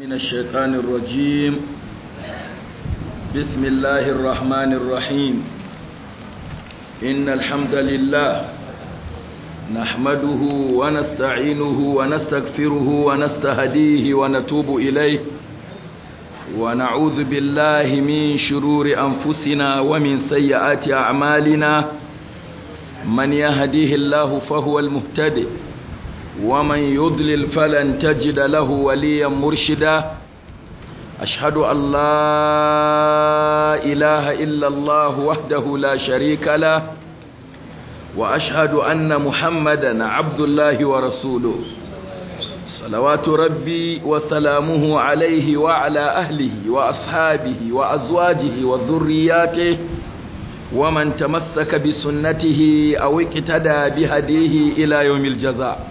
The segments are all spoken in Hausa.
من الشيطان الرجيم بسم الله الرحمن الرحيم إن الحمد لله نحمده ونستعينه ونستغفره ونستهديه ونتوب إليه ونعوذ بالله من شرور أنفسنا ومن سيئات أعمالنا من يهديه الله فهو المهتدئ ومن يضلل فلن تجد له وليا مرشدا أشهد أن لا إله إلا الله وحده لا شريك له وأشهد أن محمدا عبد الله ورسوله صلوات ربي وسلامه عليه وعلى أهله وأصحابه وأزواجه وذرياته ومن تمسك بسنته أو اقتدى بهديه إلى يوم الجزاء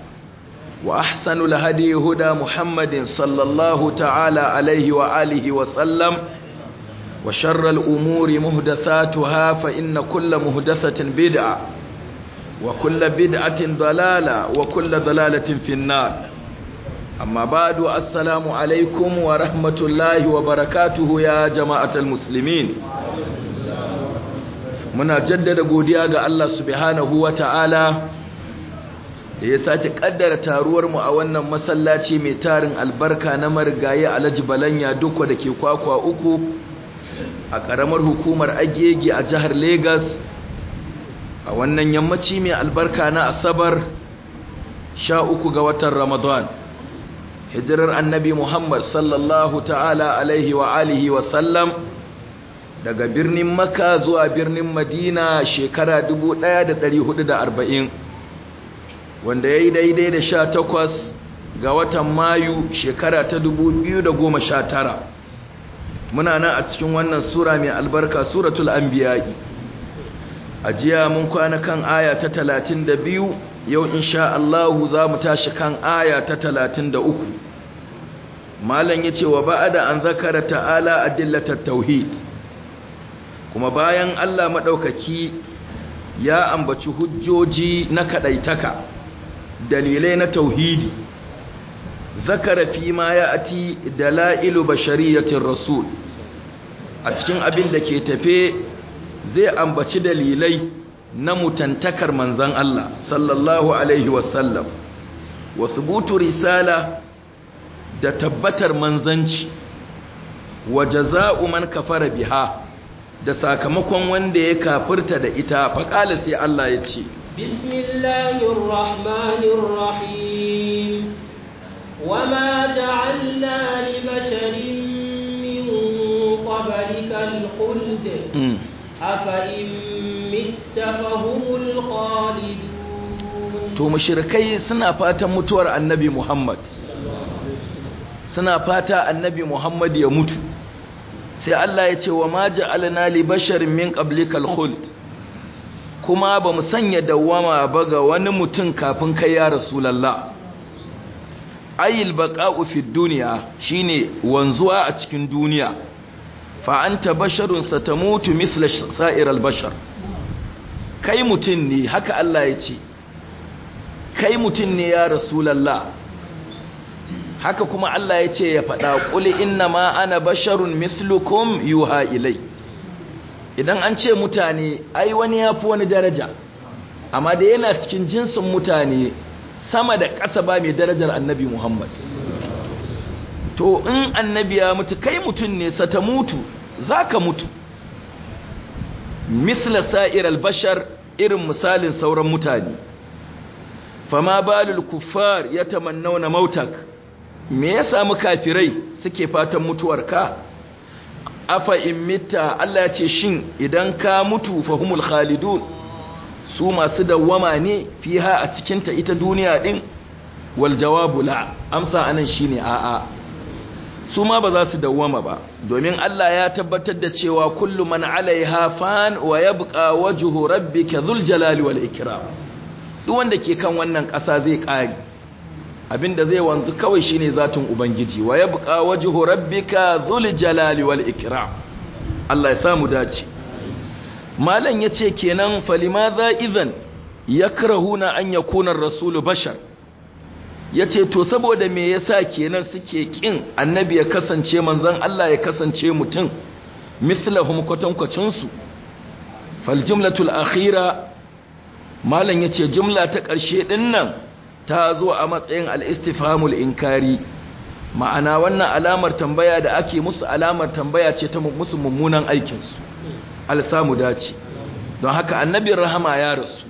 وأحسن الهدي هدى محمد صلى الله تعالى عليه وآله وسلم وشر الأمور مهدثاتها فإن كل مهدثة بدعة وكل بدعة ضلالة وكل ضلالة في النار أما بعد السلام عليكم ورحمة الله وبركاته يا جماعة المسلمين muna jaddada godiya ga Allah subhanahu wa ta'ala da ya sace kaddara taruwar mu a wannan masallaci mai tarin albarka na marigayi Alhaji Balanya da dake kwakwa uku a karamar hukumar Agege a jihar Lagos a wannan yammaci mai albarka na Asabar Sha uku ga watan Ramadan hijirar Annabi Muhammad sallallahu ta'ala alaihi wa alihi wa sallam daga birnin Makka zuwa birnin Madina shekara 1440 wanda ya yi daidai da sha takwas ga watan mayu shekara ta dubu biyu da goma sha tara muna nan a cikin wannan sura mai albarka suratul anbiya'i a jiya mun kwana kan aya ta talatin da biyu yau insha Allahu za mu tashi kan aya ta talatin da uku malam ya ce wa ba'ada an zakara ta'ala dillatar tauhid kuma bayan Allah maɗaukaki ya ambaci hujjoji na kaɗaitaka dalilai na tauhidi zakara fi ma ya ati dalailu bashariyatin rasul a cikin abin da ke tafe zai ambaci dalilai na mutantakar manzan Allah sallallahu alaihi wasallam wa subutu risala da tabbatar manzanci wa jaza'u man kafara biha da sakamakon wanda ya kafirta da ita faqala sai Allah ya ce بسم الله الرحمن الرحيم وما جعلنا لبشر من قبلك الخلد أفإن مت فهم الخالدون to mushrikai suna fatan mutuwar annabi Muhammad suna fata annabi Muhammad ya mutu sai Allah ya ce wa ma ja'alna li basharin min qablikal khuld kuma ba mu sanya dawwama ba ga wani mutum kafin kai ya rasulullah ayil baqa'u fid dunya shine wanzuwa a cikin duniya fa anta basharun satamutu misla sa'iral bashar kai mutum ne haka Allah ya ce kai mutum ne ya rasulullah haka kuma Allah ya ce ya faɗa qul inna ma ana basharun mislukum yuha ilai idan an ce mutane ai wani ya fi wani daraja amma da yana cikin jinsin mutane sama da ƙasa ba mai darajar annabi muhammad to in annabi ya mutu kai mutum ne sa ta mutu za ka mutu misla sa'ir albashar irin misalin sauran mutane fama balul kuffar ya tamannauna mautak me ya samu kafirai suke fatan mutuwarka afa in mita Allah ya ce shin idan ka mutu fahumul khalidun su masu dawwama ne fiha a cikinta ita duniya din wal jawabu amsa anan shine a'a su ma ba za su dawwama ba domin Allah ya tabbatar da cewa kullum man alaiha fan wa yabqa wajhu rabbika dhul jalali wal ikram duk wanda ke kan wannan ƙasa zai ƙare abinda zai wanzu kawai shine zatin ubangiji wa yabqa wajhu rabbika dhul jalali wal ikram Allah ya samu dace malan yace kenan falimadha idhan yakrahuna an yakuna ar-rasul bashar yace to saboda me yasa kenan suke kin annabi ya kasance manzon Allah ya kasance mutum mislahum kwatankwacin su fal jumlatul akhira malan yace jumla ta ƙarshe din nan ta zo a matsayin al-istifhamul inkari ma'ana wannan alamar tambaya da ake musu alamar tambaya ce ta musu mummunan aikinsu alsamu dace don haka annabin rahama ya rasu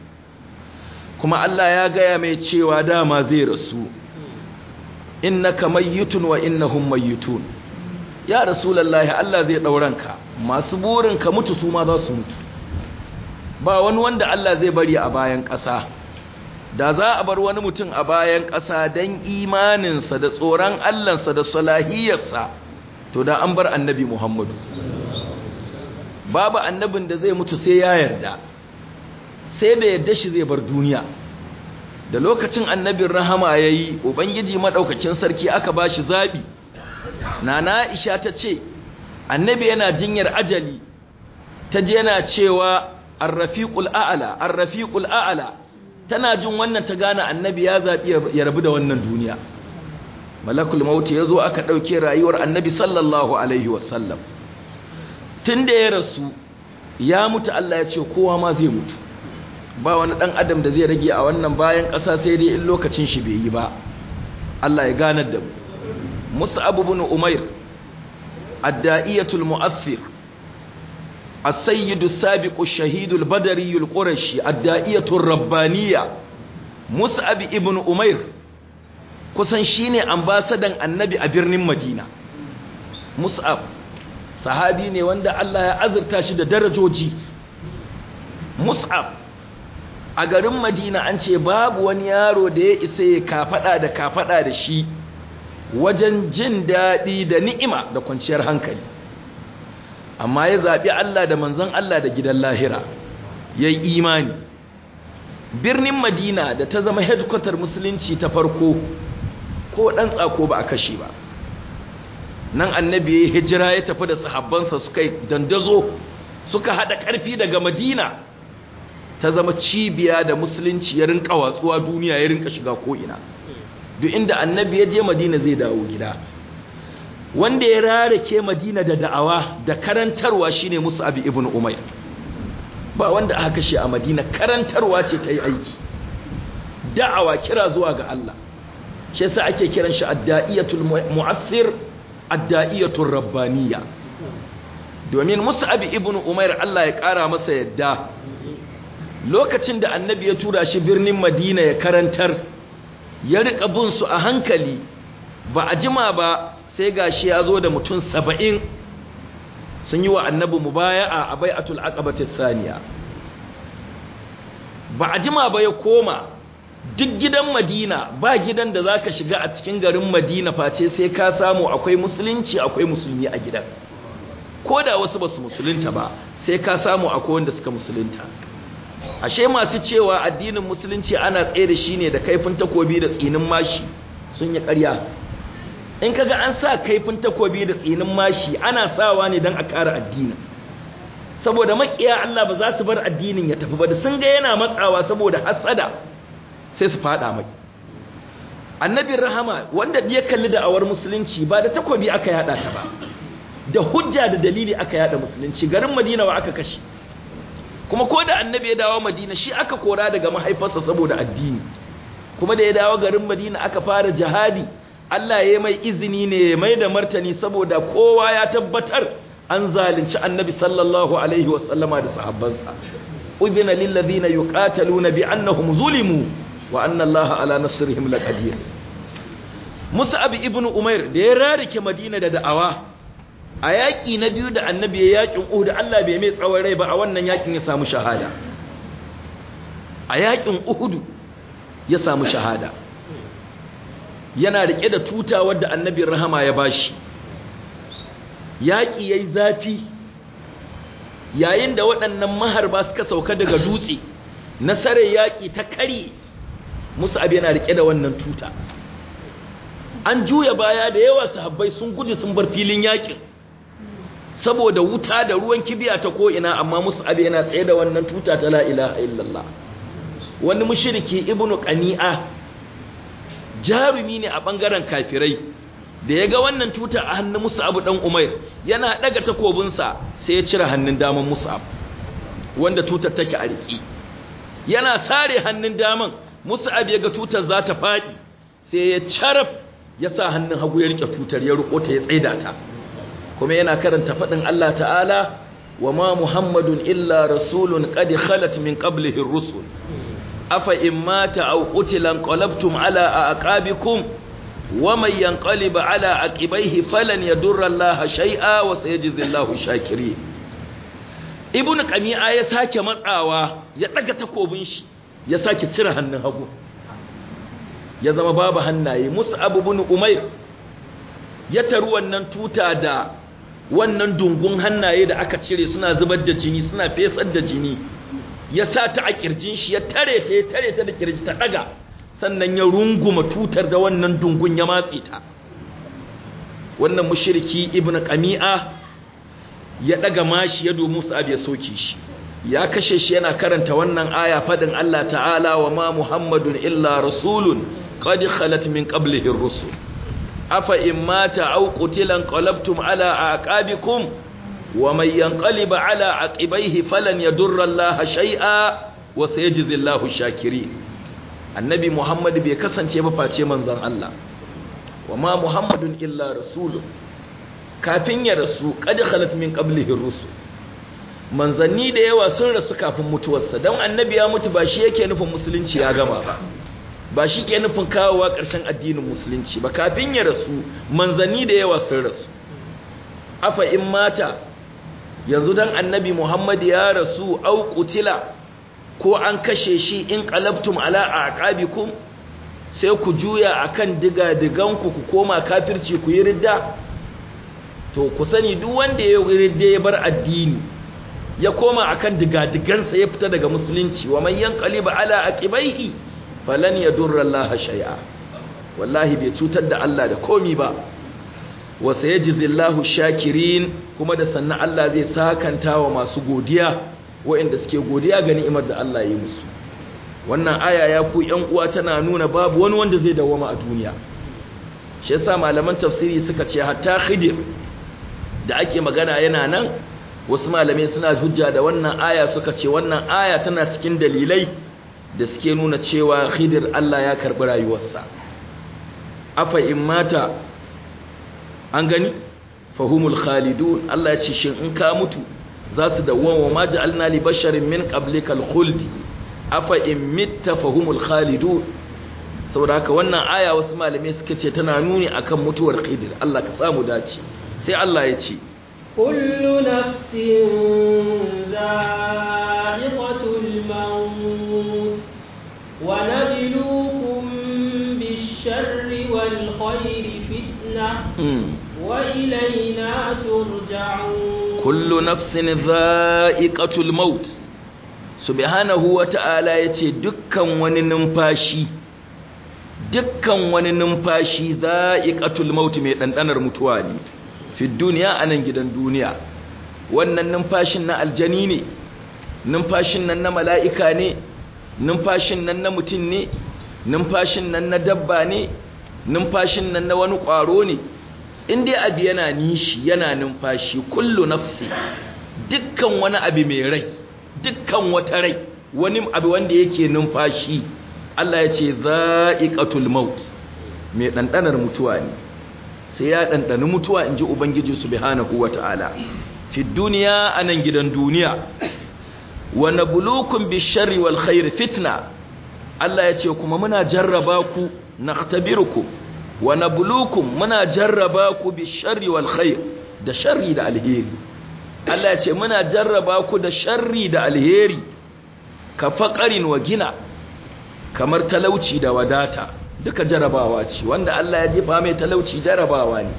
kuma Allah ya gaya mai cewa dama zai rasu innaka mayyitun wa innahum mayyitun ya rasu lallahi Allah zai ka masu burin ka mutu su ma za su mutu ba wani wanda Allah zai bari a bayan ƙasa da za a bar wani mutum a bayan ƙasa don imaninsa da tsoron allahnsa da salahiyarsa to da an bar annabi muhammadu babu annabin da zai mutu sai ya yarda sai da yarda shi zai bar duniya da lokacin annabin rahama ya yi ubangiji maɗaukakin sarki aka ba shi zaɓi Na isha ta ce annabi yana jinyar ajali ta je yana cewa arrafiƙul a'ala arrafiƙul a'ala tana jin wannan ta gane annabi ya zaɓi ya rabu da wannan duniya malakul mauti ya zo aka ɗauke rayuwar annabi sallallahu alaihi wasallam tun da ya rasu ya mutu Allah ya ce kowa ma zai mutu ba wani ɗan adam da zai rage a wannan bayan ƙasa sai dai in lokacin shi bai yi ba Allah ya ganar da mu musa abubuwan umair adda'iyatul mu'affir السيد السابق الشهيد البدري القرشي الدائية الربانية مصعب ابن أمير kusan shine ambasadan annabi a birnin Madina Mus'ab sahabi ne wanda Allah ya azurta shi da darajoji Mus'ab a garin Madina an ce babu wani yaro da ya isa ya kafaɗa da kafaɗa da shi wajen jin daɗi da ni'ima da kwanciyar hankali amma ya zaɓi Allah da manzon Allah da gidan lahira ya yi imani birnin madina da ta zama headquarter musulunci ta farko ko ɗan tsako ba a kashe ba nan annabi ya yi hijira ya tafi da sahabbansa suka dandazo suka haɗa ƙarfi daga madina ta zama cibiya da musulunci ya rinka watsuwa duniya ya rinka shiga ko'ina duk inda annabi ya je madina zai dawo gida wanda ya rarake madina da da'awa da karantarwa shine mus'ab ibn umayr ba wanda aka kashe a madina karantarwa ce ta yi aiki da'awa kira zuwa ga Allah shi yasa ake kiran shi adda'iyatul mu'assir adda'iyatul rabbaniya domin mus'ab ibn umayr Allah ya kara masa yadda lokacin da annabi ya tura shi birnin madina ya karantar ya rika bin su a hankali ba a jima ba sai gashi ya zo da mutum saba'in sun yi wa annabi baya, a bai'atul aqabati saniya ba a jima ba ya koma duk gidan madina ba gidan da zaka shiga a cikin garin madina face sai ka samu akwai musulunci akwai musulmi a gidan ko da wasu basu musulunta ba sai ka samu akwai wanda suka musulunta ashe masu cewa addinin musulunci ana tsaye da shi ne da kaifin takobi da tsinin mashi sun yi karya? in kaga an sa kaifin takobi da tsinin mashi ana sawa ne dan a kara addini, saboda makiya Allah ba za su bar addinin ya tafi ba da sun ga yana matsawa saboda hasada sai su fada mai Annabi rahama wanda ya kalli da awar musulunci ba da takobi aka yada ta ba da hujja da dalili aka yada musulunci garin madina wa aka kashe kuma ko da annabi ya dawo madina shi aka kora daga mahaifarsa saboda addini kuma da ya dawo garin madina aka fara jihadi Allah ya mai izini ne ya mai da martani saboda kowa ya tabbatar an zalunci annabi sallallahu alaihi wasallama da sahabbansa udina lil ladina yuqataluna bi annahum zulimu wa anna allaha ala nasrihim laqadir mus'ab ibn umair da ya rarike madina da da'awa a yaki na biyu da annabi ya yaƙin uhud Allah bai mai tsawon rai ba a wannan yakin ya samu shahada a yaƙin uhud ya samu shahada yana rike da tuta wadda annabin rahama ya bashi yaƙi yayi zafi yayin da waɗannan maharba suka sauka daga dutse nasarar yaƙi ta kare musab yana rike da wannan tuta an juya baya da yawa sahabbai sun guji sun bar filin yaƙin saboda wuta da ruwan kibiya ta ko'ina amma musu abin yana tsaye da wannan tuta ta la ilaha illallah wani mushriki ibnu qani'a jarumi ne a bangaren kafirai da ya ga wannan tuta a hannun abu dan Umair yana daga takobinsa sai ya cire hannun daman Mus'ab wanda tutar take a riki yana sare hannun daman Mus'ab ya ga tutar za ta fadi sai ya carab ya sa hannun hagu ya rike tutar ya ruko ta ya tsaida ta kuma yana karanta fadin Allah ta'ala wa ma Muhammadun illa rasulun qad khalat min qablihi ar-rusul afa in mata aw qutila qalabtum ala aqabikum wa man yanqalib ala aqibaihi falan yadurra Allah shay'a wa sayajzi Allahu shakirin ibn qami'a ya sake matsawa ya daga takobin shi ya sake cire hannun hagu ya zama babu hannaye mus'ab ibn umair ya taru wannan tuta da wannan dungun hannaye da aka cire suna zubar da jini suna fesar da jini ya sa ta a kirjin shi ya tare ta ya tare ta da kirji ta daga sannan ya runguma tutar da wannan dungun ya matse ta wannan mushriki ibnu qami'a ya daga mashi ya domin Mus'ab ya soke shi ya kashe shi yana karanta wannan aya fadin Allah ta'ala wa ma Muhammadun illa rasulun qad khalat min qablihi ar-rusul afa in mata aw qutilan qalabtum ala aqabikum wa ينقلب على ala فلن falan الله شيئا shay'a wa الشاكرين النبي محمد annabi Muhammad bai kasance ba face manzan Allah wa ma Muhammadun illa rasulun kafin ya rasu kada khalat manzanni da yawa sun rasu kafin mutuwarsa don annabi ya mutu ba shi yake nufin musulunci ya gama ba ba shi ke nufin kawowa ƙarshen addinin musulunci ba kafin ya rasu manzanni da yawa sun rasu afa in mata yanzu dan annabi Muhammad ya rasu au qutila ko an kashe shi in qalabtum ala aqabikum sai ku juya akan diga diganku ku koma kafirci ku yi ridda to ku sani duk wanda ya yi ridda ya bar addini ya koma akan diga digansa ya fita daga musulunci wa man yanqalib ala aqibaihi falan yadurra Allah shay'a wallahi bai cutar da Allah da komi ba wa sayajizillahu shakirin kuma da sannan Allah zai sakanta wa masu godiya waɗanda suke godiya ga ni'imar da Allah ya yi musu wannan aya ya ku ƴan uwa tana nuna babu wani wanda zai dawama a duniya shi yasa malaman tafsiri suka ce hatta khidir da ake magana yana nan wasu malamai suna hujja da wannan aya suka ce wannan aya tana cikin dalilai da suke nuna cewa khidir Allah ya karbi rayuwarsa afa in mata an gani fahumul khalidun Allah ya ce shin in ka mutu za su dawwama ma ja'alna li basharin min qablika khuld afa in mitta fahumul khalidun saboda haka wannan aya wasu malamai suka ce tana nuni akan mutuwar ƙidir. Allah ka samu dace sai Allah ya ce kullu nafsin وإلينا ترجعون كل نفس ذائقة الموت سبحانه وتعالى يتي دكا وننفاشي دكا وننفاشي ذائقة الموت من أنر متواني في الدنيا أنا جدا دنيا wannan numfashin na aljani ne numfashin nan na mala'ika ne numfashin nan na mutum ne numfashin nan na dabba ne numfashin nan na wani ƙwaro ne in dai abu yana nishi yana numfashi kullu nafsi dukkan wani abu mai rai dukkan wata rai wani abu wanda yake numfashi Allah ya ce za'iqatul maut mai dandanar mutuwa ne sai ya dandani mutuwa inji ubangiji subhanahu wataala fi duniya anan gidan duniya wa nabluukum bisharri wal fitna Allah ya ce kuma muna jarraba ku naqtabirukum wa nabluukum muna jarraba ku bi sharri wal khair da sharri da alheri Allah ya ce muna jarraba ku da sharri da alheri ka faqarin wa gina kamar talauci da wadata duka jarrabawa ce wanda Allah ya jefa mai talauci jarrabawa ne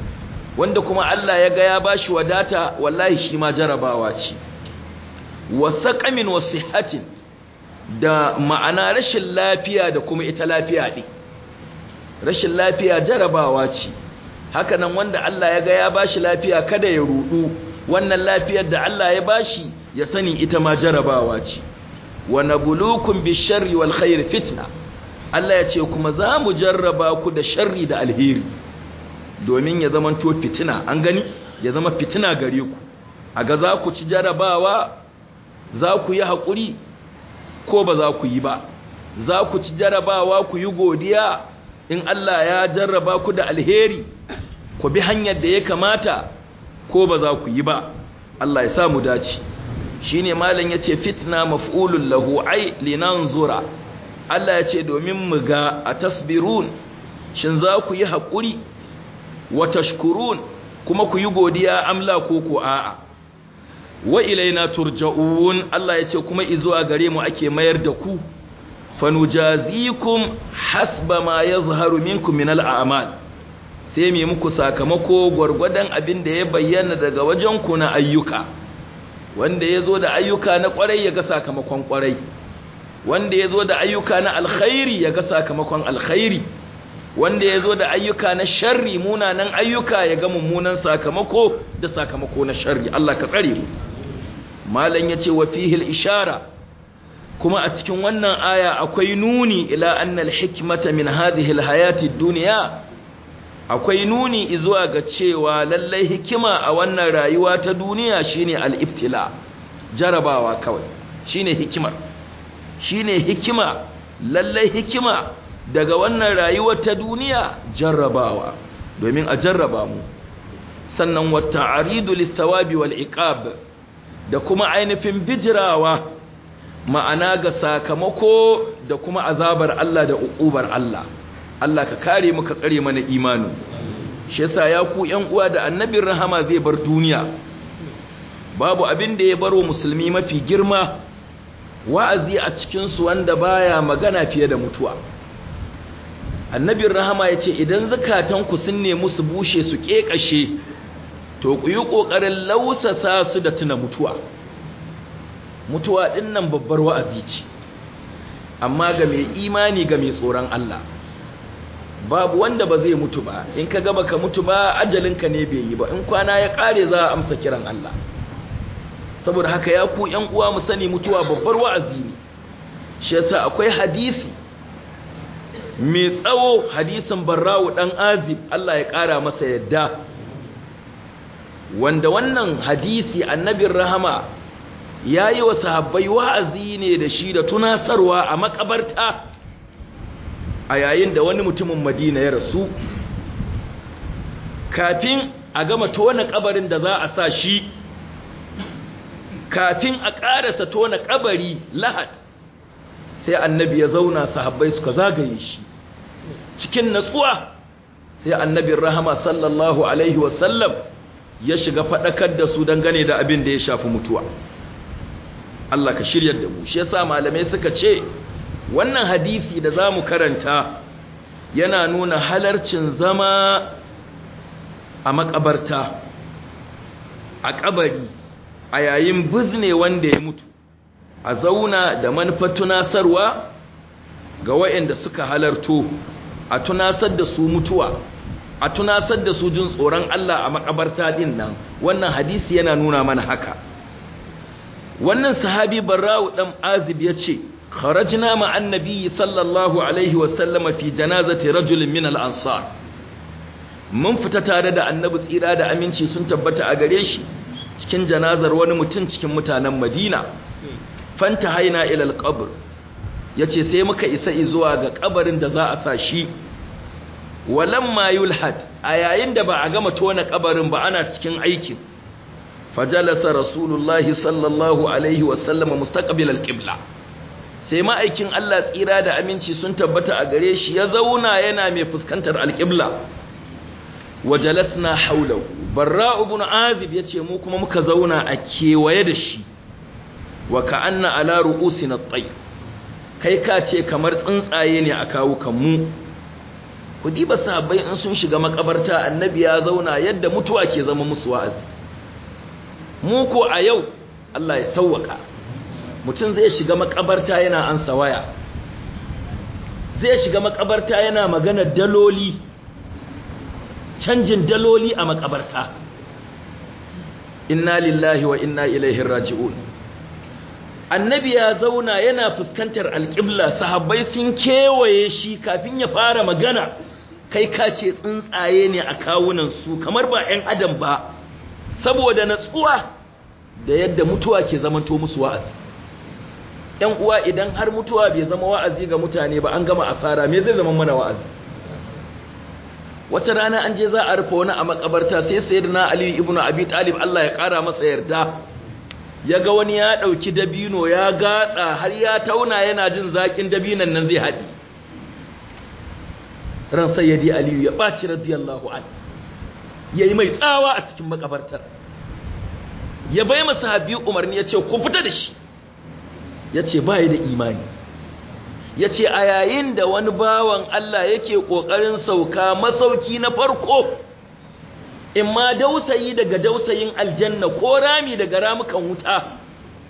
wanda kuma Allah ya ga ya bashi wadata wallahi shi ma jarrabawa ce wa saqamin wa sihhatin da ma'ana rashin lafiya da kuma ita lafiya din rashin lafiya jarabawa ce haka nan wanda Allah ya ga ya bashi lafiya kada ya rudu wannan lafiyar da Allah ya bashi ya sani ita ma jarabawa ce wa nabulukum bisharri wal khair fitna Allah ya ce kuma za mu jarraba ku da sharri da alheri domin ya zama to fitina an gani ya zama fitina gare ku a ga za ku ci jarabawa za ku yi hakuri ko ba za ku yi ba za ku ci jarabawa ku yi godiya in Allah ya jarraba ku da alheri ku bi hanyar da ya kamata ko ba za ku yi ba Allah ya sa mu dace shine malam yace fitna maf'ulun lahu ai linanzura Allah yace domin mu ga atasbirun shin za ku yi hakuri wa tashkurun kuma ku yi godiya amla ko ko a'a wa ilaina turja'un Allah yace ce kuma izuwa gare mu ake mayar da ku fanujazikum hasba ma yazharu minku min amal sai mai muku sakamako gwargwadon abin da ya bayyana daga wajen ku na ayyuka wanda yazo da ayyuka na kwarai yaga sakamakon kwarai wanda yazo da ayyuka na alkhairi yaga sakamakon alkhairi wanda ya zo da ayyuka na sharri munanan ayyuka yaga mummunan sakamako da sakamako na sharri Allah ka tsare mu malan yace wa fihi al-ishara kuma a cikin wannan aya akwai nuni ila annal hikmata min hadhihi alhayati dunya akwai nuni zuwa ga cewa lallai hikima a wannan rayuwa ta duniya shine al-ibtila jarabawa kawai shine hikimar shine hikima lallai hikima daga wannan rayuwa ta duniya jarabawa domin a jarraba mu sannan wa ta'aridu lis-sawabi wal-iqab da kuma ainifin bijirawa ma'ana ga sakamako da kuma azabar Allah da uƙubar Allah Allah ka kare mu ka tsare mana imani shi yasa ya ku ƴan uwa da annabin rahama zai bar duniya babu abin da ya baro musulmi mafi girma wa'azi a cikin su wanda baya magana fiye da mutuwa annabin rahama ya ce idan zakatanku sun nemi su bushe su ƙeƙashe to ku yi ƙoƙarin lausasa su da tuna mutuwa mutuwa din nan babbar wa'azi ce amma ga mai imani ga mai tsoron Allah babu wanda ba zai mutu ba in ka gaba ka mutu ba ajalinka ne bai yi ba in kwana ya kare za a amsa kiran Allah saboda haka ya ku ƴan uwa mu sani mutuwa babbar wa'azi ne shi yasa akwai hadisi mai tsawo hadisin barrawu dan azib Allah ya kara masa yadda wanda wannan hadisi annabin rahama yayi wa sahabbai wa'azi ne da shi da tunasarwa a makabarta a yayin da wani mutumin Madina ya rasu kafin a gama tona kabarin da za a sa shi kafin a ƙarasa tona kabari lahad sai annabi ya zauna sahabbai suka zagaye shi cikin natsuwa sai annabin rahama sallallahu alaihi wasallam ya shiga faɗakar da su dangane da abin da ya shafi mutuwa Allah ka shirya da mu shi yasa malamai suka ce wannan hadisi da zamu karanta yana nuna halarcin zama a makabarta a kabari a yayin bizne wanda ya mutu a zauna da manufar tunasarwa ga waɗanda suka halarto a tunasar da su mutuwa a tunasar da su jin tsoron Allah a makabarta din nan wannan hadisi yana nuna mana haka wannan sahabi barra'u dan azib yace kharajna ma annabi sallallahu alaihi wasallama fi janazati rajulin min al-ansar mun fita tare da annabi tsira da aminci sun tabbata a gare shi cikin janazar wani mutum cikin mutanen Madina fanta haina ila al-qabr yace sai muka isa zuwa ga kabarin da za a sa shi walamma yulhad a yayin da ba a gama tona kabarin ba ana cikin aikin fajalasa rasulullahi sallallahu alaihi wasallama mustaqbilal qibla sai ma'aikin Allah tsira da aminci sun tabbata a gare shi ya zauna yana mai fuskantar alqibla wajalasna haulahu barra ibn azib yace mu kuma muka zauna a kewaye da shi wa ka'anna ala ru'usina at kai ka ce kamar tsuntsaye ne a kawukan mu kudi ba sabai in sun shiga makabarta annabi ya zauna yadda mutuwa ke zama musu wa'azi mu ko a yau Allah ya sauwaka mutum zai shiga makabarta yana ansa waya zai shiga makabarta yana magana daloli canjin daloli a makabarta inna lillahi wa inna ilaihi raji'un annabi ya zauna yana fuskantar alƙibla sahabbai sun kewaye shi kafin ya fara magana kai kace tsuntsaye ne a kawunan su kamar ba 'yan adam ba saboda natsuwa da yadda mutuwa ke zamanto musu wa'azi ‘yan uwa idan har mutuwa bai zama wa'azi ga mutane ba an gama asara me zai zama mana wa'azi wata rana an je za a rufe wani a makabarta sai sayyidina ali ibnu abi talib Allah ya kara masa yarda ya ga wani ya dauki dabino ya gatsa har ya tauna yana jin zakin dabinon nan zai haɗi ran sayyidi aliyu ya ɓaci radiyallahu anhu ya yi mai tsawa a cikin makabartar ya bai Masu habi umarni ya ce ku fita da shi ya ce ba da imani ya ce a yayin da wani bawan Allah yake ƙoƙarin sauka masauki na farko in ma dausayi daga dausayin aljanna ko rami daga ramukan wuta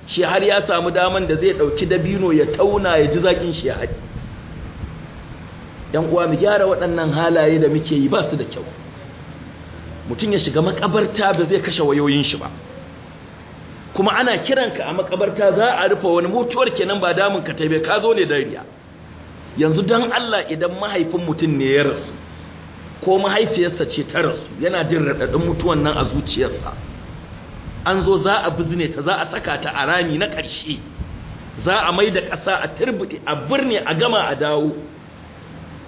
shi har ya samu daman da zai ɗauki dabino ya tauna ya ji zaƙin shi ya haɗi ‘yan uwa mu gyara waɗannan halaye da muke yi ba su da kyau mutum ya shiga makabarta ba zai kashe wayoyin shi ba kuma ana kiranka a makabarta za a rufe wani mutuwar kenan ba damun ka taibe ka zo ne dariya. yanzu dan Allah idan mahaifin mutum ne ya rasu ko mahaifiyarsa ce ta rasu yana jin radadin mutuwan nan a zuciyarsa an zo za a bizne ta za a saka ta a rami na ƙarshe za a mai da ƙasa a turbuɗe a birni a gama a dawo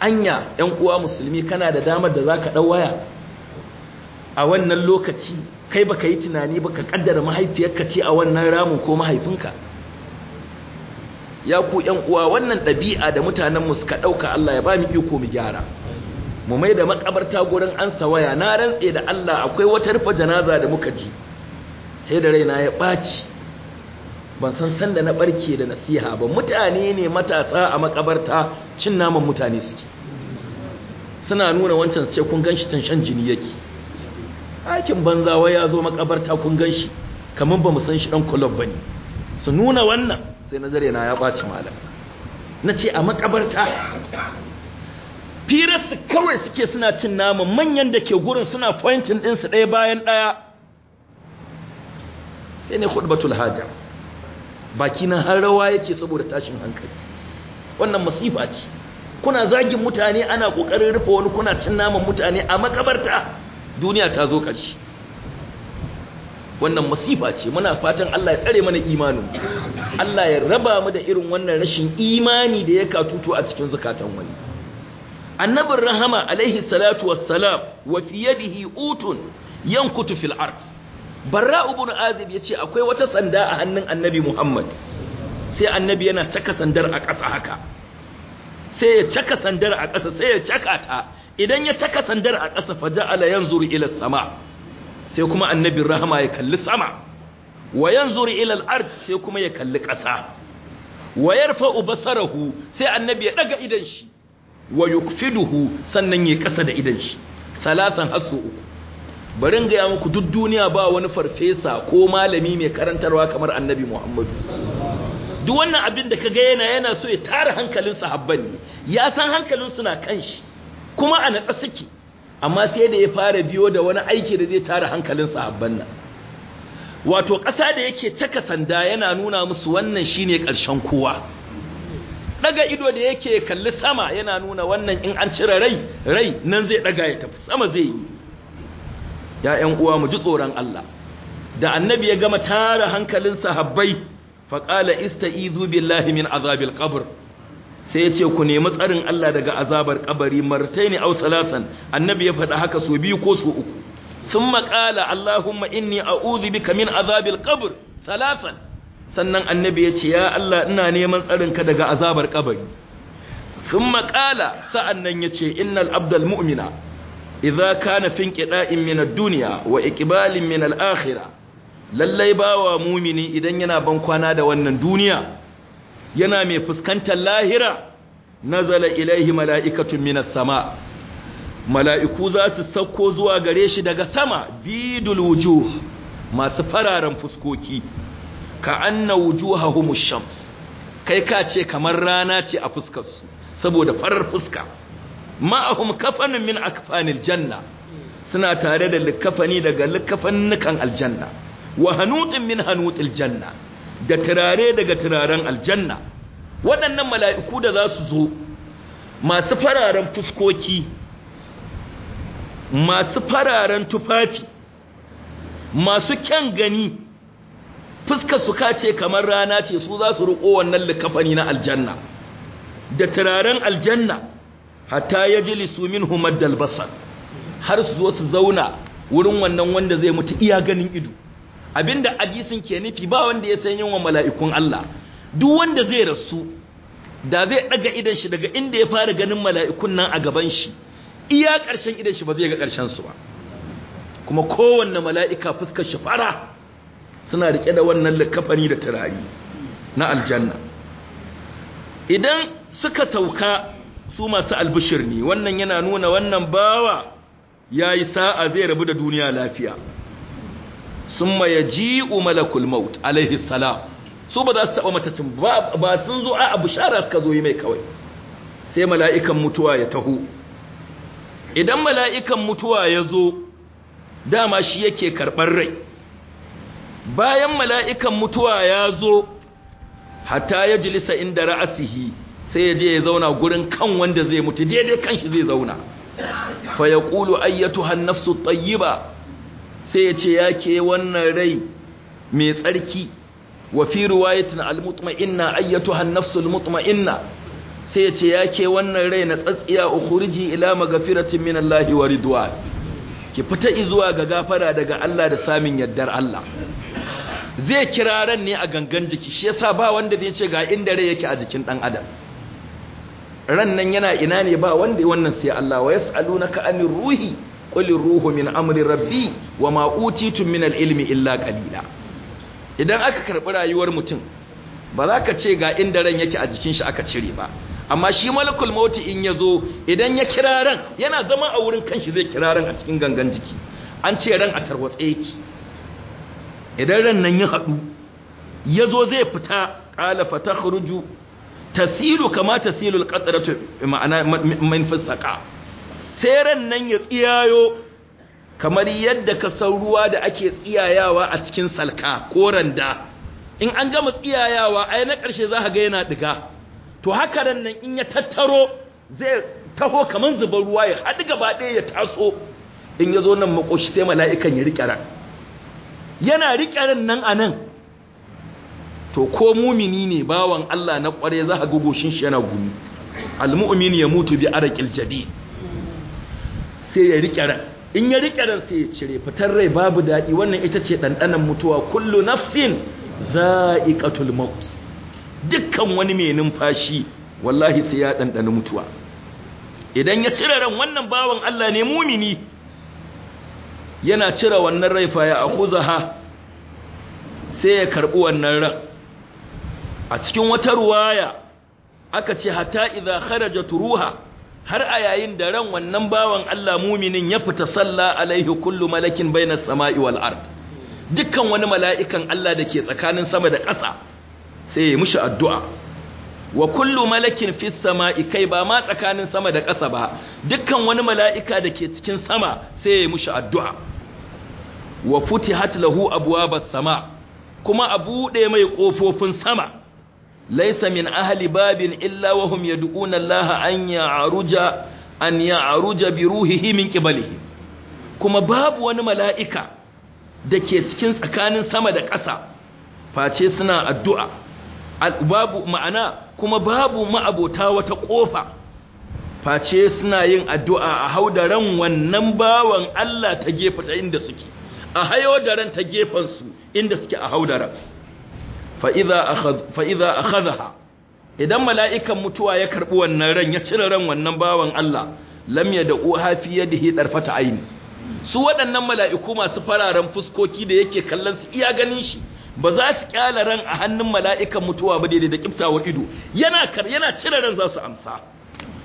anya 'yan uwa musulmi kana da damar da za ka ɗau waya a wannan lokaci kai baka yi tunani baka kaddara mahaifiyarka ce a wannan ramin ko mahaifinka ya ku uwa wannan ɗabi'a da mutanen mu suka ɗauka Allah ya ba mu iko mu gyara mu mai da makabarta gurin an sawaya na rantse da Allah akwai wata rufa janaza da muka ji sai da raina ya ɓaci ban san sanda na barke da nasiha ba mutane ne matasa a makabarta cin naman mutane suke suna nuna wancan sai kun ganshi tanshan jini yake ɗakin banza wai ya zo makabarta kun gan shi kamar ba mu san shi ɗan kulob ba ne su nuna wannan sai nazari na ya ɓaci malam na ce a makabarta firarsu kawai suke suna cin nama manyan da ke gurin suna pointin ɗinsu ɗaya bayan ɗaya sai ne khutbatul haja baki na har rawa yake saboda tashin hankali wannan masifa ce kuna zagin mutane ana kokarin rufe wani kuna cin naman mutane a makabarta duniya ta zo ƙarshe wannan masifa ce muna fatan Allah ya tsare mana imanin Allah ya raba mu da irin wannan rashin imani da ya katutu a cikin zakatan wani annabin rahama alaihi salatu wassalam wa fi yadihi utun yankutu fil ard barra ibn azib ce akwai wata sanda a hannun annabi Muhammad sai annabi yana caka sandar a ƙasa haka sai ya caka sandar a ƙasa sai ya caka ta idan ya taka sandar a ƙasa yan zuri ila sama sai kuma annabin rahama ya kalli sama wa zuri ila al'ard ard sai kuma ya kalli ƙasa wa yarfa'u ubasarahu sai annabi ya daga idan shi wa yukfiduhu sannan ya ƙasa da idan shi salasan hasu uku bari in gaya muku duk duniya ba wani farfesa ko malami mai karantarwa kamar annabi muhammadu duk wannan abin da ka ga yana yana so ya tara hankalin sahabban ne ya san hankalinsu na kan shi kuma a natsa suke amma sai da ya fara biyo da wani aiki da zai tara hankalin sahabban nan wato ƙasa da yake taka sanda yana nuna musu wannan shine ƙarshen kowa daga ido da yake kalli sama yana nuna wannan in an cire rai rai nan zai daga ya tafi sama zai yi ya ƴan uwa mu ji tsoron Allah da annabi ya gama tara hankalin sahabbai faqala istaizu billahi min azabil qabr sai ya ce ku nemi tsarin Allah daga azabar kabari martaini aw salasan annabi ya faɗa haka so biyu ko so uku sun maƙala Allahumma inni a'udhu bika min azabil qabr salasan sannan annabi ya ce ya Allah ina neman tsarin ka daga azabar kabari sun maƙala sa'annan ya ce innal abdal mu'mina idza kana fin qida'in min ad-dunya wa iqbalin min al-akhirah lallai bawa mumini idan yana ban kwana da wannan duniya yana mai fuskantar lahira nazala ilaihi mala'ikatun minas sama mala'iku za su sauko zuwa gare shi daga sama bidul wujuh masu fararen fuskoki ka anna wujuhahum shams kai ka ce kamar rana ce a fuskar su saboda farar fuska ma'ahum kafanun min akfanil janna suna tare da likafani daga likafannukan aljanna wa hanutun min hanutil janna da turare daga turaren aljanna waɗannan mala'iku da za su zo masu fararen fuskoki masu fararen tufafi masu kyan gani fuska su kace kamar rana ce su za su riƙo wannan likafani na aljanna da turaren aljanna hatta ya ji lissumin humar dalbasar har su zo su zauna wurin wannan wanda zai mutu iya ganin ido abinda hadisin ke nufi ba wanda ya san yawan mala'ikun Allah duk wanda zai rasu da zai daga idan shi daga inda ya fara ganin mala'ikun nan a gaban shi iya ƙarshen idan shi ba zai ga ƙarshen su ba kuma kowanne mala'ika fuskar shafara fara suna rike da wannan likafani da turari na aljanna idan suka sauka su masu albishir ne wannan yana nuna wannan bawa yayi sa'a zai rabu da duniya lafiya Sun maye ji umalakul maut alaihi salam su ba za su taba matacin ba sun zo a abu shara suka zo yi mai kawai sai mala'ikan mutuwa ya taho idan mala'ikan mutuwa ya zo dama shi yake karɓar rai bayan mala'ikan mutuwa ya zo hata ya jilisa inda ra'asihi sai ya je ya zauna gurin kan wanda zai mutu daidai kan shi zai zauna fa ya ƙulu ayyatu hannafsu tsayi ba sai ya ce ya ke wannan rai mai tsarki wa fi riwayatin al-mutma'inna ayyatu an mutmainna sai ya ce ya ke wannan rai na tsatsiya ukhuriji ila magfiratin min Allah wa ki fita izuwa ga gafara daga Allah da samin yaddar Allah zai kira ran ne a gangan jiki shi yasa ba wanda zai ce ga inda rai yake a jikin dan adam ran nan yana ina ne ba wanda wannan sai Allah wa yas'alunaka anir ruhi qul ruhu min amri rabbi wa ma tun min al-ilmi illa qalila idan aka karɓi rayuwar mutum ba za ka ce ga inda ran yake a jikin shi aka cire ba amma shi malakul mauti in ya zo idan ya kira ran yana zama a wurin kanshi zai kira ran a cikin gangan jiki an ce ran a tarwatse yake idan ran nan ya haɗu ya zo zai fita ƙala fata tasilu kama tasilu alƙadaratu ma'ana min saƙa. sai ran nan ya tsiyayo kamar yadda ka san ruwa da ake tsiyayawa a cikin salka ko randa in an gama tsiyayawa ai na ƙarshe za ka ga yana diga to haka ran nan in ya tattaro zai taho kamar zubar ruwa ya haɗu gaba ɗaya ya taso in ya zo nan makoshi sai mala'ikan ya riƙe ran yana riƙe ran nan a nan to ko mumini ne bawan Allah na ƙware za ka gugushin shi yana gumi al-mu'min ya mutu bi arqil jadid sai ya rike ran in ya rike ran sai ya cire fitar rai babu dadi wannan ita ce ɗanɗanan mutuwa kullu nafsin za'iqatul maut dukkan wani mai numfashi wallahi sai ya dandana mutuwa idan ya cire ran wannan bawan Allah ne mumini yana cire wannan rai fa ya akuzaha sai ya karɓi wannan ran a cikin wata ruwaya aka ce hatta idza kharajat ruha har a yayin da ran wannan bawan Allah muminin ya fita sallah alaihi kullu malakin bainas sama'i wal ard dukkan wani mala'ikan Allah da ke tsakanin sama da ƙasa sai ya mushi addu'a wa kullu malakin fis sama'i kai ba ma tsakanin sama da ƙasa ba dukkan wani mala'ika da ke cikin sama sai ya mushi addu'a wa futihat lahu abwaabas sama kuma a buɗe mai kofofin sama laisa min ahli babin illa wa hum yad'una Allah an ya'ruja an ya'ruja bi ruhihi min qiblihi kuma babu wani mala'ika da ke cikin tsakanin sama da ƙasa face suna addu'a babu ma'ana kuma babu ma'abota wata ƙofa face suna yin addu'a a haudaran wannan bawan Allah ta gefe ta inda suke a hayo ta gefen su inda suke a hau fa'iza a hazaha idan mala'ikan mutuwa ya karɓi wannan ran ya cire ran wannan bawan Allah lamya da Ohafi, yadda da hidar aini su waɗannan mala'iku masu fararen fuskoki da yake kallon su iya ganin shi ba za su kyala ran a hannun mala'ikan mutuwa ba daidai da kiftawar ido yana cire ran za su amsa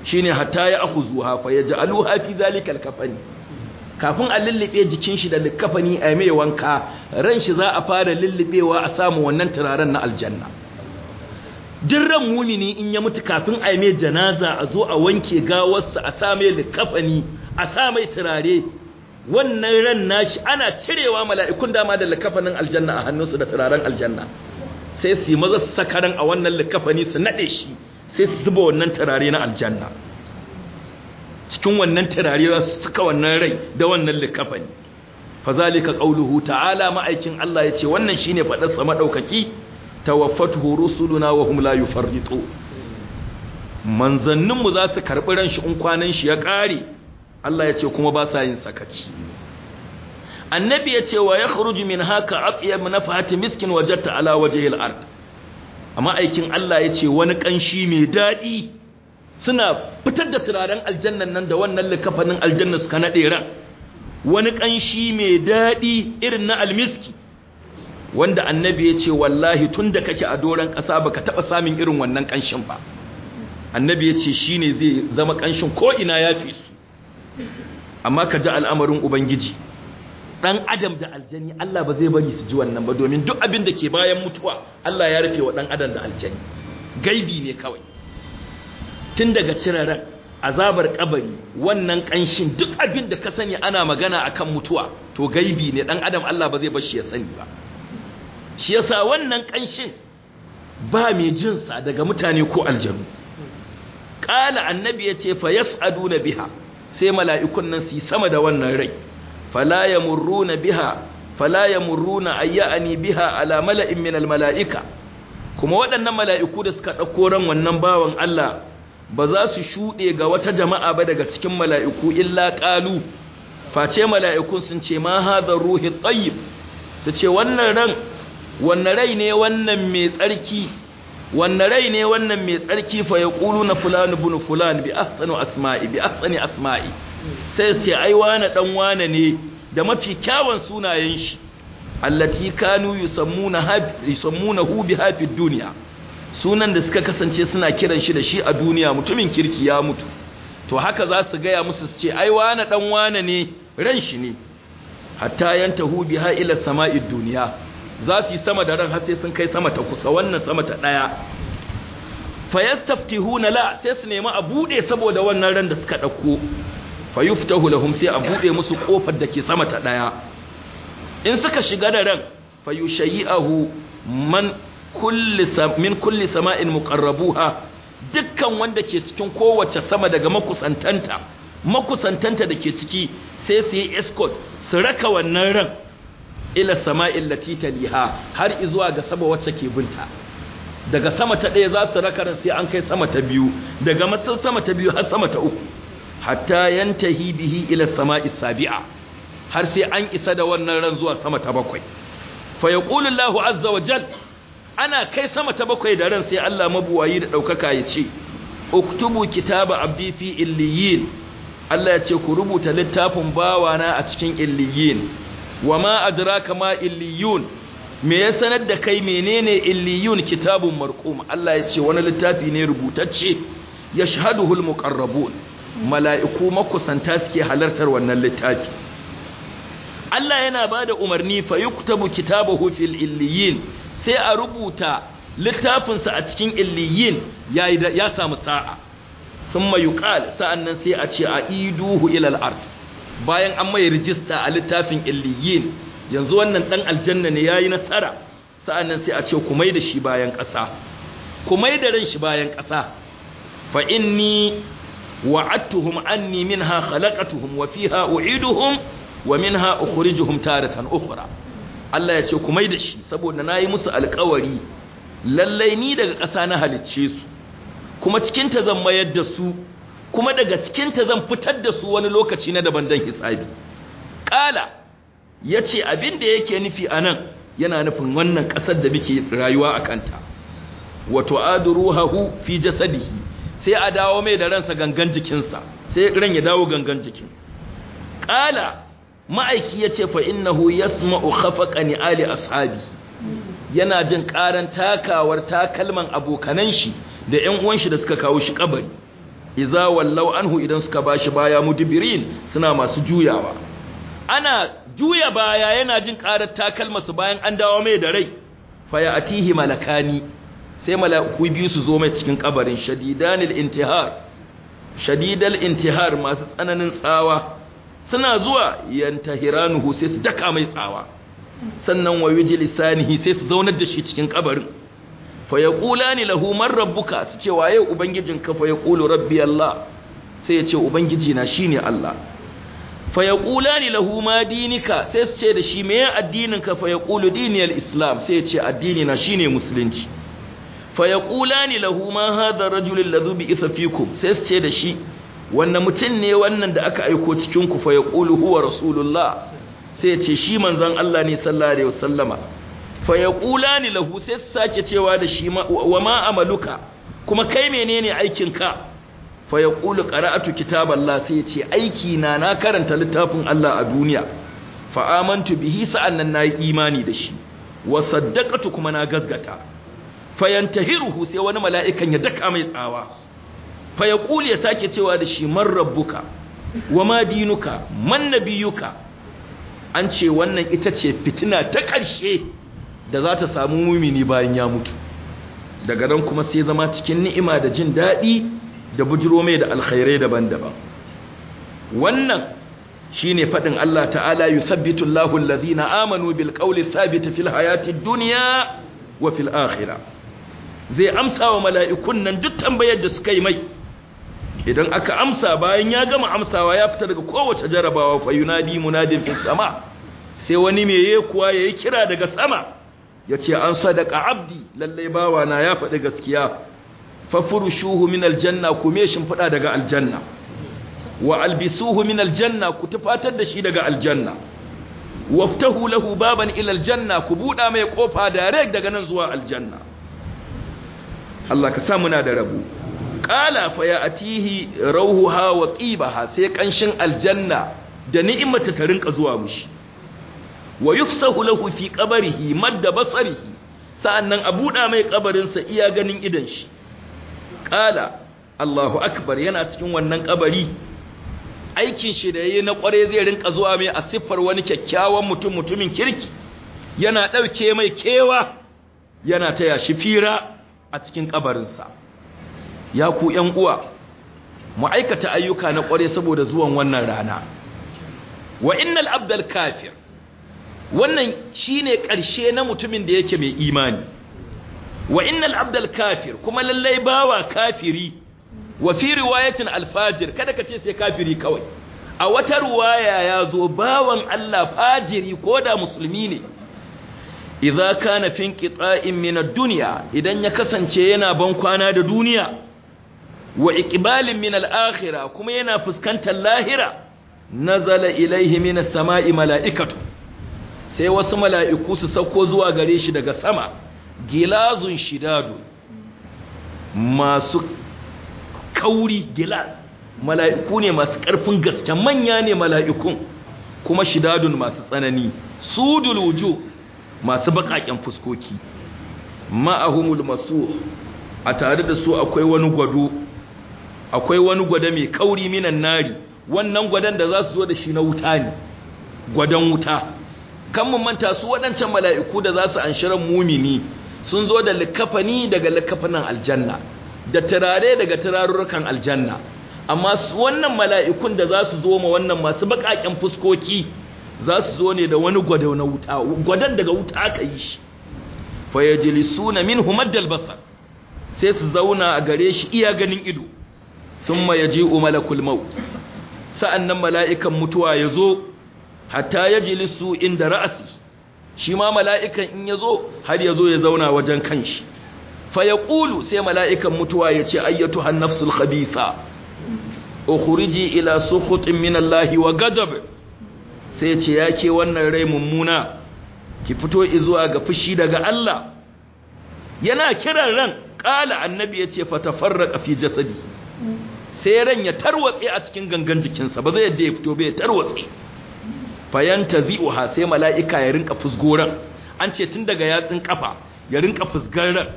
shine hatta ya akhudhuha fa yaj'aluha fi zalikal kafani kafin a lullube jikin shi da likafani a mai wanka ran shi za a fara lullubewa a samu wannan turaren na aljanna duk ran mumini in ya mutu kafin a mai janaza a zo a wanke gawarsa a samu likafani a samu turare wannan ran nashi ana cirewa mala'ikun dama da likafanin aljanna a hannunsu da turaren aljanna sai su yi maza sakaran a wannan likafani su naɗe shi sai su zuba wannan turare na aljanna cikin wannan turare za su suka wannan rai da wannan likafani fazalika qauluhu ta'ala ma'aikin Allah yace wannan shine fadar sa madaukaki tawaffatuhu rusuluna wa hum la yufarritu manzannin mu za su karbi ran shi in kwanan shi ya kare Allah yace kuma ba sa yin sakaci annabi yace wa yakhruju min haka atyab nafhati miskin wajadta ala wajhil ard amma aikin Allah yace wani kanshi mai dadi suna fitar da turaren aljannan nan da wannan likafanin aljanna suka naɗe ran wani ƙanshi mai daɗi irin na almiski wanda annabi ya ce wallahi tun da kake a doron ƙasa ba ka taɓa samun irin wannan ƙanshin ba annabi ya ce shi ne zai zama ƙanshin ko'ina ya fi su amma ka ji al'amarin ubangiji Dan adam da aljani Allah ba zai bari su ji wannan ba domin duk abin da ke bayan mutuwa Allah ya rufe wa dan adam da aljani gaibi ne kawai tun daga cire ran azabar kabari wannan kanshin duk abin da ka sani ana magana akan mutuwa to gaibi ne dan adam Allah ba zai bar shi ya sani ba shi yasa wannan kanshin ba mai jin sa daga mutane ko aljanu qala annabi yace fa yas'aduna biha sai mala'ikun nan su yi sama da wannan rai fala yamurruna biha fala yamurruna ayyani biha ala mala'in min al mala'ika kuma waɗannan mala'iku da suka ɗauko ran wannan bawan Allah ba za su shuɗe ga wata jama'a ba daga cikin mala'iku illa ƙalu face mala'ikun sun ce ma haɗa ruhi tsayib su ce wannan ran wannan rai ne wannan mai tsarki wannan rai ne wannan mai tsarki fa ya ƙulu na fulani na fulani bi ahsanu asma'i bi ahsani asma'i sai su ce ai wane ɗan wane ne da mafi kyawun sunayen shi allati kanu yusammuna hu bi hafi duniya sunan da suka kasance suna kiran shi da shi a duniya mutumin kirki ya mutu to haka za su gaya musu su ce ai wane dan wane ne ran shi ne hatta tahubi biha ila sama'id duniya za su yi sama da ran har sai sun kai sama ta kusa wannan sama ta daya fayastaftihuna la sai su nemi a bude saboda wannan ran da suka dauko fayuftahu lahum sai a bude musu kofar da ke sama ta daya in suka shiga da ran fayushayyahu man min kulli sama'in muqarrabuha dukkan wanda ke cikin kowace sama daga makusantanta makusantanta da ke ciki sai su yi escort su raka wannan ran ila Sama'il lati taliha har izuwa ga sama wacce ke binta daga sama ta ɗaya za su raka ran sai an kai sama ta biyu daga masan sama ta biyu har sama ta uku hatta yantahi bihi ila sama'is sabi'a har sai an isa da wannan ran zuwa sama ta bakwai fa yaqulu Allahu azza wa jalla ana kai sama ta bakwai da ran sai Allah mabuwayi da ɗaukaka ya ce uktubu kitaba abdi fi illiyin Allah ya ce ku rubuta littafin bawa na a cikin illiyin wa ma adraka ma illiyun me ya sanar da kai menene illiyun kitabun marqum Allah ya ce wani littafi ne rubutacce yashhaduhu almuqarrabun mala'iku makusanta suke halartar wannan littafi Allah yana bada umarni fa yuktabu kitabahu fil illiyin sai a rubuta littafinsa a cikin illiyin ya samu sa'a sun mayuƙal sa'an sai a ce a iduhu ilal art bayan an mai rijista a littafin illiyin yanzu wannan ɗan aljanna ne ya yi nasara sa'annan sai a ce ku mai da shi bayan ƙasa ku mai da ran shi bayan ƙasa fa inni wa'adtuhum anni minha khalaqatuhum wa fiha u'iduhum wa minha ukhrijuhum taratan ukhra Allah ya ce ku mai da shi saboda na yi musu alkawari lallai ni daga ƙasa na halicce su kuma cikinta zan mayar da su kuma daga cikinta zan fitar da su wani lokaci na daban dan hisabi ƙala ya ce abin da yake nufi anan, yana nufin wannan ƙasar da muke rayuwa a kanta wato adu ruhahu fi jasadihi sai a dawo mai da ransa gangan jikinsa sai ran ya dawo gangan jikin ƙala ma'aiki ya ce fa innahu yasma'u khafaqani ali ashabi yana jin karan takawar takalman abokanan shi da ƴan uwan shi da suka kawo shi kabari idza wallau anhu idan suka bashi baya mudibirin suna masu juyawa ana juya baya yana jin karar takalma su bayan an dawo mai da rai fa ya malakani sai malaku biyu su zo mai cikin kabarin shadidanil shadidal intihar masu tsananin tsawa suna zuwa yantahiranuhu sai su daka mai tsawa sannan wa yuji lisanihi sai su zaunar da shi cikin kabarin fa yaqulani lahu man rabbuka su ce waye ka fa yaqulu rabbi allah sai ya ce ubangiji na shine allah fa yaqulani lahu ma dinika sai su ce da shi meye addininka fa yaqulu dini al-islam sai ya ce addini na shine musulunci fa yaqulani lahu ma hadha ar-rajul bi bi'itha sai su ce da shi wannan mutum ne wannan da aka aiko cikin ku fa yaqulu huwa rasulullah sai ce shi manzon Allah ne sallallahu alaihi wasallama fa yaqulani lahu sai sake cewa da shi wa ma amaluka kuma kai menene aikin ka fa yaqulu qara'atu kitaballah sai ya ce aiki na na karanta littafin Allah a duniya fa amantu bihi sa'annan nayi imani da shi wa saddaqatu kuma na gazgata yantahiruhu sai wani mala'ikan ya daka mai tsawa fa ya sake cewa da shi man rabbuka wama dinuka man nabiyuka an ce wannan ita ce fitina ta ƙarshe da za ta samu mumini bayan ya mutu daga nan kuma sai zama cikin ni'ima da jin daɗi da bujiro mai da alkhairai daban-daban wannan shi ne faɗin Allah ta'ala yusabbitu Allahu lazina, amanu bil qawli sabita fil hayatin duniya wa fil ahira zai amsa wa mala'ikun nan duk tambayar da suka yi mai idan aka amsa bayan ya gama amsawa ya fita daga kowace jarabawa fa yunadi munadin fi sama sai wani yayi kuwa yayi kira daga sama yace an sadaka abdi lalle bawa na ya faɗi gaskiya fa furushuhu min aljanna kume shin fada daga aljanna wa albisuhu min aljanna ku tufatar da shi daga aljanna waftahu lahu baban ila aljanna ku buda mai kofa direct daga nan zuwa aljanna Allah ka sa muna da rabu qala fa ya'tihi rauhuha wa qibaha sai ƙanshin aljanna da ni'imata ta rinka zuwa mushi wa yufsahu lahu fi qabrihi madda basarihi sa'annan a buɗa mai ƙabarinsa iya ganin idan shi qala Allahu akbar yana cikin wannan ƙabari, aikin shi da yayi na kware zai rinka zuwa mai a siffar wani kyakkyawan mutum mutumin kirki yana ɗauke mai kewa yana taya shi fira a cikin ƙabarinsa. ya ku ‘yan uwa mu aikata ayyuka na ƙware saboda zuwan wannan rana wa innal abdal kafir wannan shine ƙarshe na mutumin da yake mai imani wa innal abdal kafir kuma lallai bawa kafiri wa fi riwayatin alfajir kada ka ce sai kafiri kawai a wata ruwaya ya zo bawan Allah fajiri ko da musulmi ne idza kana fin qita'in min ad-dunya idan ya kasance yana ban kwana da duniya wa iqbalin min al kuma yana fuskantar lahira nazala ilaihi min samai mala'ikatu sai wasu mala'iku su sauko zuwa gare shi daga sama gilazun shidadu masu kauri gilaz mala'iku ne masu karfin gaske manya ne mala'ikun kuma shidadun masu tsanani sudul wuju masu baƙaƙen fuskoki ma'ahumul masu a tare da su akwai wani gwado akwai wani gwada mai kauri minan nari wannan gwadan da za su zo da shi na wuta ne gwadan wuta kan mun manta su waɗancan mala'iku da za su anshiran mumini sun zo da likafani daga likafanan aljanna da turare daga turarurrukan aljanna amma wannan mala'ikun da za su zo ma wannan masu baƙaƙen fuskoki za su zo ne da wani gwada na wuta Gwadan daga wuta aka yi shi fa yajlisuna minhu maddal basar sai su zauna a gare shi iya ganin ido summa umalakul mau sa’an sa'annan mala'ikan mutuwa ya zo, hatta ya lissu inda ra'asi. shi ma mala'ikan in ya zo, har ya zo ya zauna wajen kanshi fa ya ƙulu sai mala'ikan mutuwa ya ce, ayyatu hannafsul khabisa o kuriji ila su min Allah wa gadab sai ce ya ke wannan rai mummuna ki fito izuwa ga fushi daga Allah yana kiran ran ƙala annabi ya ce ta farra fi jasadi sai ran ya tarwatse a cikin gangan jikinsa ba zai yadda ya fito ba ya tarwatse fayanta zi'uha sai mala'ika ya rinka fusgoran an ce tun daga yatsin kafa ya rinka fusgaran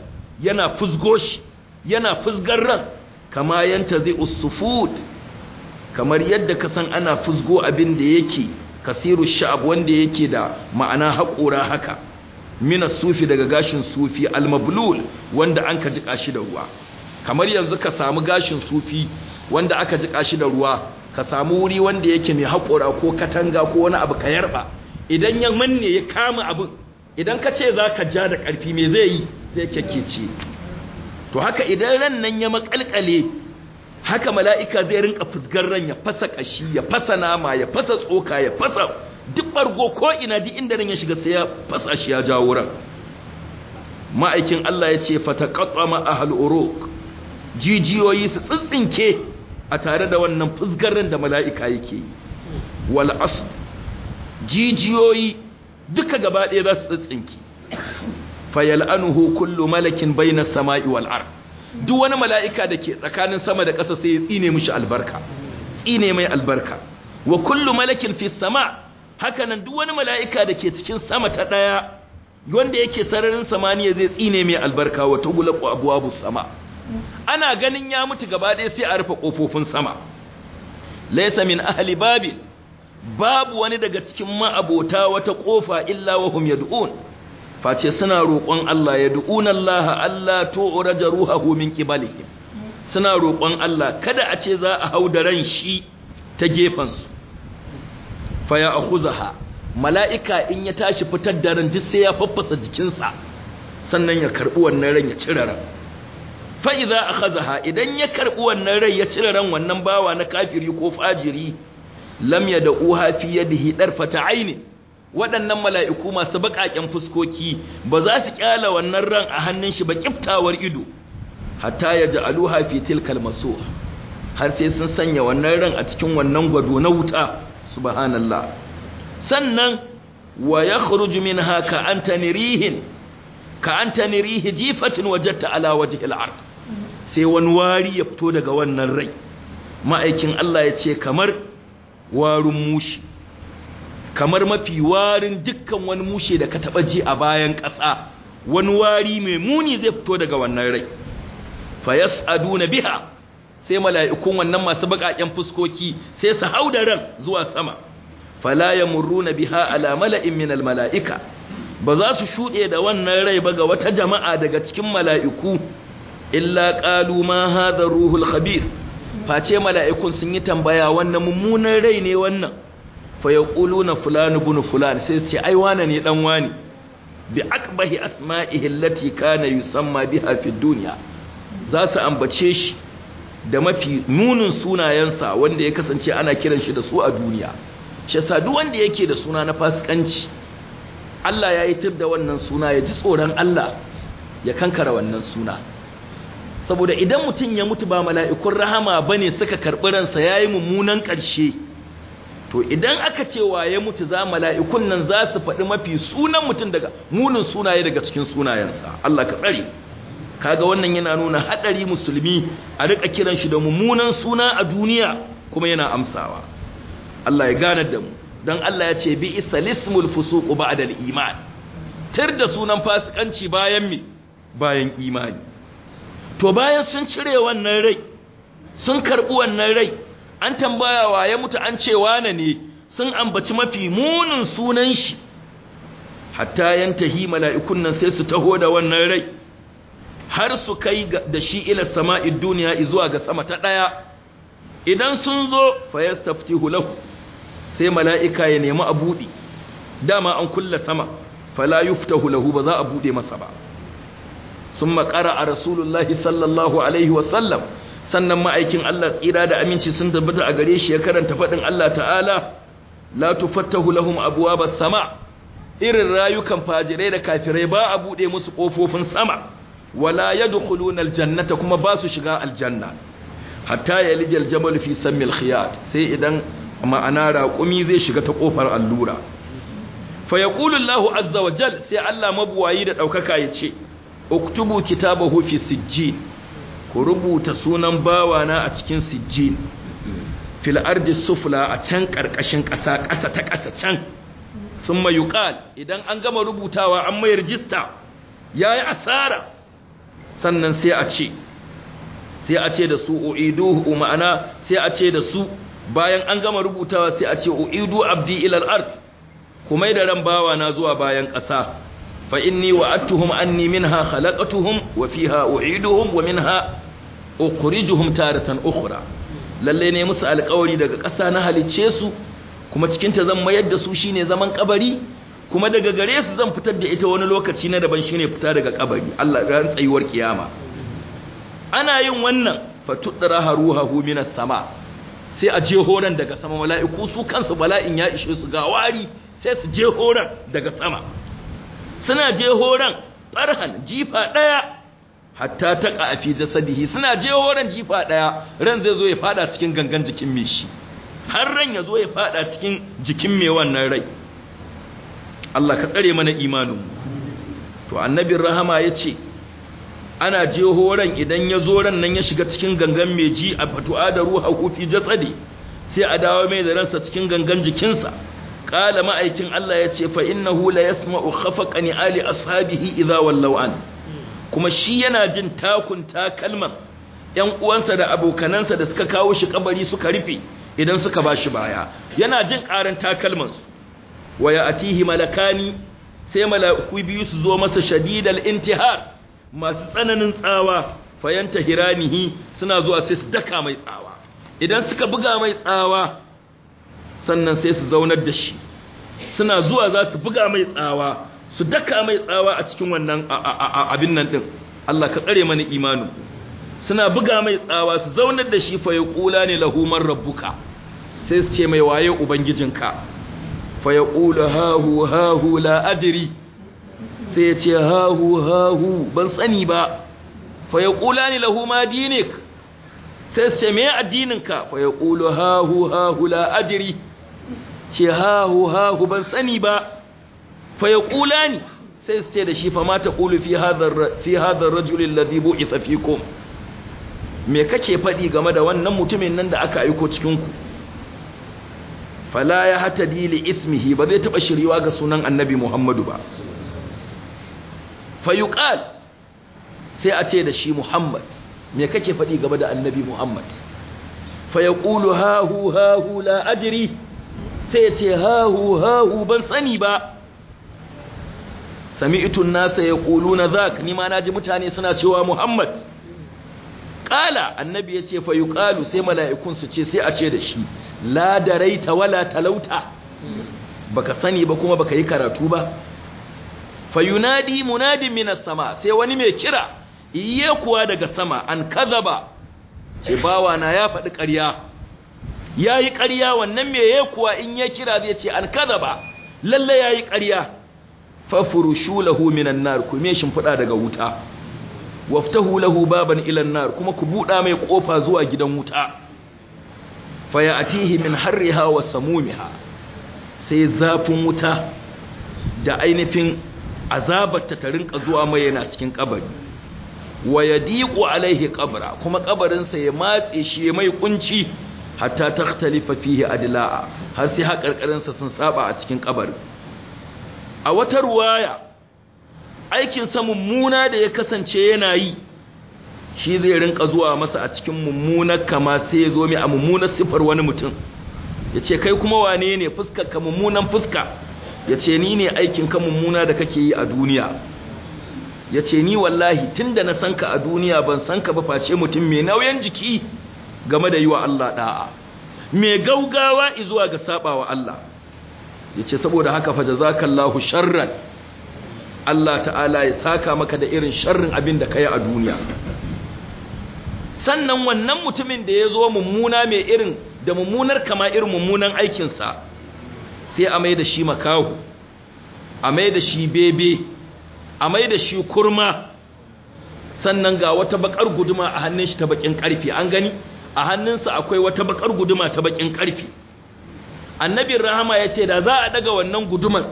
yana fusgo shi yana fusgaran kama yanta zi'u sufut kamar yadda ka san ana fusgo abin da yake kasiru sha'ab wanda yake da ma'ana haƙora haka mina sufi daga gashin sufi almablul wanda an ka jiƙa shi da ruwa kamar yanzu ka samu gashin sufi wanda aka jika shi da ruwa ka samu wuri wanda yake mai haƙora ko katanga ko wani abu ka yarba idan ya manne ya kama abin idan ka ce za ka ja da ƙarfi mai zai yi zai kyakkece to haka idan ran nan ya makalkale haka mala'ika zai rinka fusgar ran ya fasa ƙashi ya fasa nama ya fasa tsoka ya fasa duk bargo ko ina duk inda ran ya shiga sai ya fasa shi ya jawo ran ma'aikin Allah ya ce fata ahlul uruq jijiyoyi su tsintsinke a tare da wannan fusgarin da mala'ika yake yi Wala asu. jijiyoyi duka gaba ɗaya za su tsinki fayal'anuhu kullu malakin bayanar sama'i wal'ar. duk wani mala'ika da ke tsakanin sama da ƙasa sai ya tsine mushi albarka tsine mai albarka wa kullu malakin fi sama haka duk wani mala'ika da ke cikin sama ta ɗaya wanda yake sararin samaniya zai tsine mai albarka wa abuwa bu sama' ana ganin ya mutu gaba ɗaya sai a rufe ƙofofin sama laisa min ahli babil babu wani daga cikin ma'abota wata ƙofa illa wa hum yad'un face suna roƙon Allah yad'un Allah Allah uraja ruhuhu min qibalihim suna roƙon Allah kada a ce za a hau da ran shi ta su. fa ya akhuzaha mala'ika in ya tashi fitar da ran duk sai ya faffasa jikinsa sannan ya karbi wannan ran ya cire ran Fa'iza a akhadha idan ya karɓi wannan rai ya cire ran wannan bawa na kafiri ko fajiri lam yad'uha fi hiɗar fata aini waɗannan mala'iku masu baƙaƙen fuskoki ba za su kyala wannan ran a hannun shi ba ƙiftawar ido hatta aluha fi tilkal masur har sai sun sanya wannan ran a cikin wannan gwado na wuta subhanallah sannan wa yakhruju minha ka anta nirihin ka anta nirihi jifatin wajadta ala wajhi al-ard sai wani wari ya fito daga wannan rai ma'aikin Allah ya ce kamar warin mushi kamar mafi warin dukkan wani mushe da ka taɓa ji a bayan ƙasa wani wari mai muni zai fito daga wannan rai fa yas'aduna biha sai mala'ikun wannan masu baƙaƙen fuskoki sai su hau da ran zuwa sama fala yamurruna biha ala mala'in min al mala'ika ba za su shuɗe da wannan rai ba ga wata jama'a daga cikin mala'iku illa qalu ma hadha ruhul khabith face mala'ikun sun yi tambaya wannan mummunan rai ne wannan fa na fulani bunu fulan sai su ce ai wane ne dan wani bi akbahi asma'ihi allati kana yusamma biha fi dunya za su ambace shi da mafi nunin sunayensa wanda ya kasance ana kiran shi da su a duniya shi yasa wanda yake da suna na fasikanci Allah ya yi tir da wannan suna ya ji tsoron Allah ya kankara wannan suna saboda idan mutum ya mutu ba mala'ikun rahama ba ne suka karɓi ransa yi mummunan ƙarshe to idan aka cewa ya mutu za mala'ikun nan za su faɗi mafi sunan mutum daga munin sunaye daga cikin sunayensa Allah ka tsare kaga wannan yana nuna haɗari musulmi a riƙa kiran shi da mummunan suna a duniya kuma yana amsawa Allah ya ganar da mu Don Allah ya ce bi isa fusuqu ba'da ba'adar iman tir da sunan fasikanci bayan mi bayan imani to bayan sun cire wannan rai sun karɓi wannan rai an tambaya wa ya mutu an ce wane ne sun ambaci mafi munin sunan shi hatta yantahi mala'ikun nan sai su taho da wannan rai har su kai da shi ila sama'i duniya zuwa ga sama ta daya idan sun zo yastaftihu lahu sai mala'ika ya nemi a buɗe dama an kulla sama fala yuftahu lahu ba za a buɗe masa ba sun makara a rasulullahi sallallahu alaihi wasallam sannan ma'aikin Allah tsira da aminci sun tabbata a gare shi ya karanta faɗin Allah ta'ala la tufattahu lahum abwaabas sama irin rayukan fajirai da kafirai ba a bude musu kofofin sama wala yadkhuluna aljannata kuma ba su shiga aljanna hatta yalija aljamal fi sammi alkhiyat sai idan ma'ana raƙumi zai shiga ta kofar allura fa yaqulu Allahu azza wa jal sai Allah mabuwayi da daukaka yace uktubu kitabahu fi sijjin ku rubuta sunan bawana a cikin sijjin fil ardi sufla a can karkashin kasa kasa ta kasa can sun yuqal idan an gama rubutawa an mai rijista yayi asara sannan sai a ce sai a ce da su uiduhu ma'ana sai a ce da su bayan an gama rubutawa sai a ce uidu abdi ilal al-ard kuma da ran bawana zuwa bayan kasa fa inni wa'adtuhum anni minha khalaqatuhum wa fiha u'iduhum wa minha ukhrijuhum taratan ukhra lalle ne musu alƙawari daga ƙasa na halicce su kuma cikin ta zan mayar da su shine zaman kabari kuma daga gare su zan fitar da ita wani lokaci na daban shine fita daga kabari Allah ran tsayuwar kiyama ana yin wannan fatudraha ruhahu minas sama sai a je horan daga sama mala'iku su kansu bala'in ya ishe su ga wari sai su je horan daga sama suna je horan farhan jifa daya hatta ta kafi fi jasadihi suna je horan jifa daya ran zai zo ya fada cikin gangan jikin me shi har ran ya zo ya fada cikin jikin me wannan rai Allah ka tsare mana imanin to annabin rahama yace ana je horan idan ya zo ran nan ya shiga cikin gangan mai ji a fatu'a da ruha fi jasadi sai a dawo mai da ransa cikin gangan jikinsa qala ma'aikin Allah ya ce fa innahu la yasma'u khafaqani ali ashabihi idha wallaw kuma shi yana jin takun takalman 'yan uwansa da abokanansa da suka kawo shi kabari suka rufe idan suka bashi baya yana jin ƙaran takalman su wa ya'tihi malakani sai malaku biyu su zo masa shadidal intihar masu tsananin tsawa fayanta hiranihi suna zuwa sai su daka mai tsawa idan suka buga mai tsawa sannan sai su zaunar da shi suna zuwa za su buga mai tsawa su daka mai tsawa a cikin wannan abin nan din Allah ka tsare mana imanu suna buga mai tsawa su zaunar da shi fa ya kula ne lahumar rabbuka sai su ce mai waye ubangijinka fa ya kula hahu hahu la adri sai ya ce hahu hahu ban sani ba fa ya kula ne ma dinik sai su ce me ka fa ya kula hahu hahu la adri ce hahu hahu ban sani ba fa ni sai su ce da shi fa ma kulu fi hadar fi hadha bu isa fi bu'itha me kake fadi game da wannan mutumin nan da aka aiko cikin ku fala ya hata dili ismihi ba zai taba shiriwa ga sunan annabi Muhammadu ba fa yuqal sai a ce da shi Muhammad me kake faɗi game da annabi Muhammad fa kulu ha hu ha la adri sai ya ce hahu hahu ban sani ba sami'tun nasa ya na zak ni ma ji mutane suna cewa muhammad Ƙala annabi ce fa yuqalu sai mala'ikun su ce sai a ce da shi la daraita wala talauta baka sani ba kuma baka yi karatu ba fayunadi munadin minas sama sai wani mai kira iye kuwa daga sama an kazaba ce na ya faɗi ƙarya yayi ƙarya wannan meye kuwa in ya kira zai ce an kadaba lalle yayi ƙarya fafurushu lahu minan nar ku me fada daga wuta waftahu lahu baban ilan nar kuma ku buɗa mai ƙofa zuwa gidan wuta fayatihi min harriha wa samumiha sai zafin wuta da ainihin azabar ta rinka zuwa mai yana cikin kabari wa yadiqu alaihi qabra kuma ƙabarinsa ya matse shi mai ƙunci. hatta takhtalifa fihi adla'a har sai haƙarƙarinsa sun saba a cikin kabari a wata ruwaya aikin sa mummuna da ya kasance yana yi shi zai rinka zuwa masa a cikin mummunar kama sai ya zo mai a mummunar sifar wani mutum ya ce kai kuma wane ne fuska ka mummunan fuska ya ce ni ne aikin ka mummuna da kake yi a duniya ya ce ni wallahi tun da na sanka a duniya ban sanka ba face mutum mai nauyin jiki game da yi wa Allah da'a mai gaugawa izuwa ga sabawa Allah yace saboda haka fa jazakallahu sharran Allah ta'ala ya saka maka da irin sharrin abin da kai a duniya sannan wannan mutumin da ya zo mummuna mai irin da mummunar kama irin mummunan aikinsa sai a mai da shi makahu a mai shi bebe a mai da shi kurma sannan ga wata bakar guduma a hannun shi ta bakin karfi an gani a hannunsa akwai wata bakar guduma ta bakin karfi annabin rahama ya ce da za a daga wannan gudumar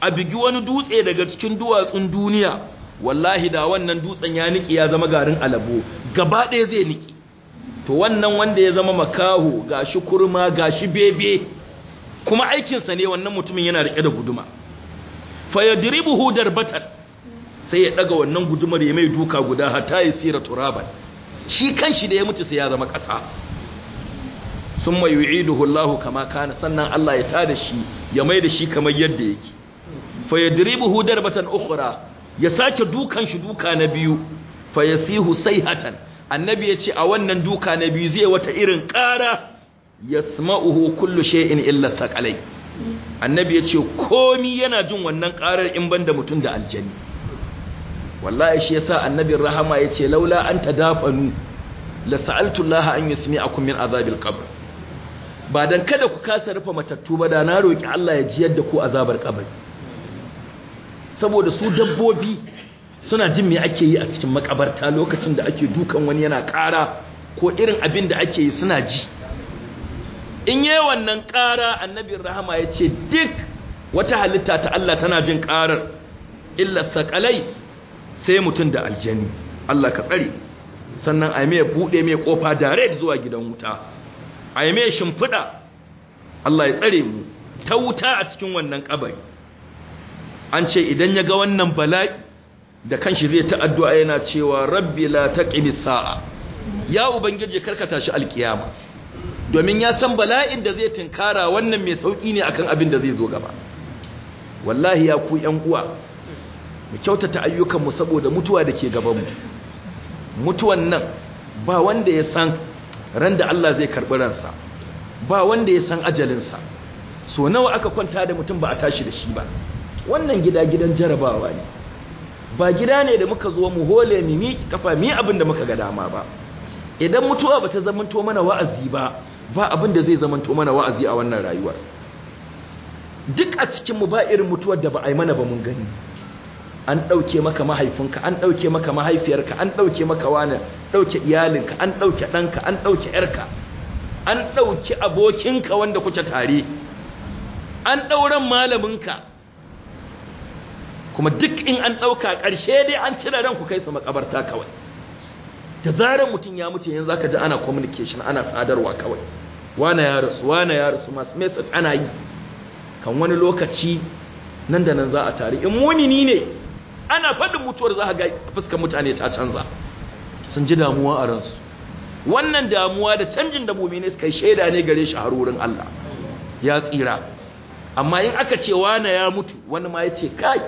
a bigi wani dutse daga cikin duwatsun duniya wallahi da wannan dutsen ya niki ya zama garin alabo gaba ɗaya zai niki to wannan wanda ya zama makaho gashi kurma gashi bebe kuma aikinsa ne wannan mutumin yana riƙe da guduma fa yadribuhu darbatan sai ya daga wannan gudumar ya mai duka guda hatta ya sira turaban shi kanshi da ya mutu sai ya zama ƙasa sun mai yu'iduhu hullahu kama kana sannan Allah ya tada shi ya mai da shi kamar yadda yake fa hudar darbatan ukura ya sake dukan shi duka na biyu fa yasihu sayhatan annabi ya ce a wannan duka na biyu zai wata irin ƙara yasma'uhu kullu shay'in illa thaqalai annabi ya ce komi yana jin wannan ƙarar in banda mutum da aljani wallahi shi yasa annabin rahama yace laula an tadafanu la sa'altu Allah an yusmi'akum min azabil qabr ba dan kada ku kasa rufe matattu ba da na roki Allah ya jiyar da ku azabar qabr saboda su dabbobi suna jin me ake yi a cikin makabarta lokacin da ake dukan wani yana ƙara ko irin abin da ake yi suna ji in yi wannan ƙara annabin rahama ya ce duk wata halitta ta Allah tana jin ƙarar illa saqalai sai mutum da aljani Allah ka tsare sannan a mai buɗe mai ƙofa direct zuwa gidan wuta a mai shimfiɗa Allah ya tsare mu ta wuta a cikin wannan kabari an ce idan ya ga wannan bala'i da kanshi zai ta addu'a yana cewa rabbi la taqimi sa'a ya ubangije karkata shi alkiyama domin ya san bala'in da zai tinkara wannan mai sauki ne akan abin da zai zo gaba wallahi ya ku yan uwa mu kyautata ayyukanmu saboda mutuwa da ke gabanmu mutuwan nan ba wanda ya san ran da Allah zai karɓi ransa ba wanda ya san ajalinsa so nawa aka kwanta da mutum ba a tashi da shi ba wannan gida gidan jarabawa ne ba gida ne da muka zo mu hole mu miƙi kafa mi abin da muka ga dama ba idan mutuwa ba ta zamanto mana wa'azi ba ba abin da zai zamanto mana wa'azi a wannan rayuwar duk a cikin mu ba irin mutuwar da ba a yi mana ba mun gani an ɗauke maka mahaifinka an ɗauke maka mahaifiyarka an ɗauke maka wani ɗauke iyalinka an ɗauke ɗanka an ɗauke ‘yarka an ɗauki abokinka wanda kuke tare an ɗauran malaminka kuma duk in an ɗauka ƙarshe dai an ran ku kai su makabarta kawai da zarar mutum ya mutu yanzu zaka ji ana communication ana sadarwa kawai wani ya rasu wani ya rasu masu message ana yi kan wani lokaci nan da nan za a tare in mumini ne ana faɗin mutuwar za a ga fuskar mutane ta canza sun ji damuwa a ransu wannan damuwa da canjin da ne kai shaida ne gare shi har wurin Allah ya tsira amma in aka ce wani ya mutu wani ma ya ce kai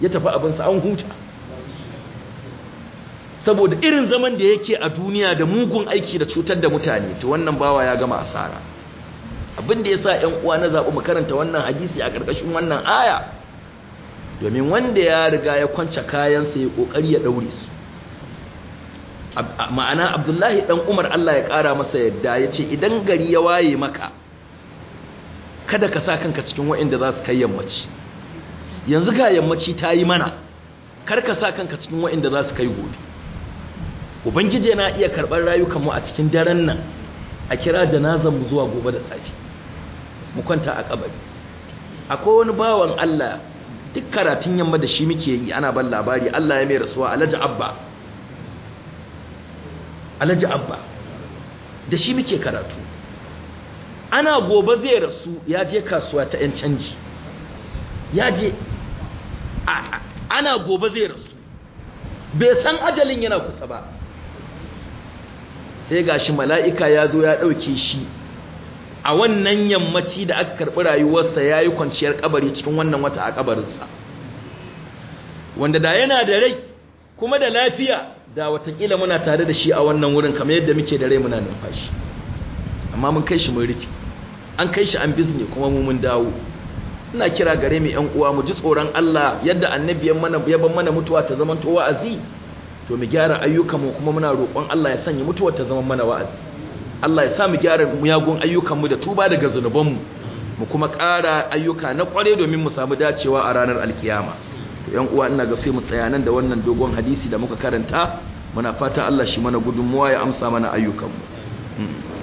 ya tafi abinsa an huta saboda irin zaman da yake a duniya da mugun aiki da cutar da mutane to wannan bawa ya gama asara abin da ya sa ƴan uwa na zaɓi mu karanta wannan hadisi a ƙarƙashin wannan aya domin wanda ya riga ya kwance kayansa ya kokari ya daure su ma'ana abdullahi dan umar Allah ya kara masa yadda ya ce idan gari ya waye maka kada ka sa kanka cikin wa'inda za su kai yammaci yanzu ga yammaci ta yi mana kar ka sa kanka cikin wa'inda za su kai gobe ubangije na iya karɓar mu a cikin daren nan a kira jana'zan mu zuwa gobe da safe mu kwanta a kabari akwai wani bawan Allah duk karatun yamma da shi muke yi ana ban labari Allah ya mai rasuwa alaji abba alaji abba da shi muke karatu ana gobe zai rasu ya je kasuwa ta yan canji ya je ana gobe zai rasu bai san ajalin yana kusa ba sai gashi mala'ika ya zo ya ɗauke shi a wannan yammaci da aka karɓi rayuwarsa ya yi kwanciyar kabari cikin wannan wata a kabarinsa wanda da yana da rai kuma da lafiya da watakila muna tare da shi a wannan wurin kamar yadda muke da rai muna numfashi amma mun kai shi mun rike an kai shi an bizne kuma mu mun dawo ina kira gare mu yan uwa mu ji tsoron Allah yadda annabi ya mana ban mana mutuwa ta zaman to wa'azi to mu gyara ayyukan mu kuma muna roƙon Allah ya sanya mutuwa ta zaman mana wa'azi Allah ya sa mu gyara muyagun ayyukanmu da tuba daga zunubanmu mu kuma ƙara ayyuka na ƙware domin mu samu dacewa a ranar alkiyama yan uwa ina ga sai mu tsaya nan da wannan dogon hadisi da muka karanta muna fata Allah shi mana gudunmuwa ya amsa mana ayyukanmu hmm.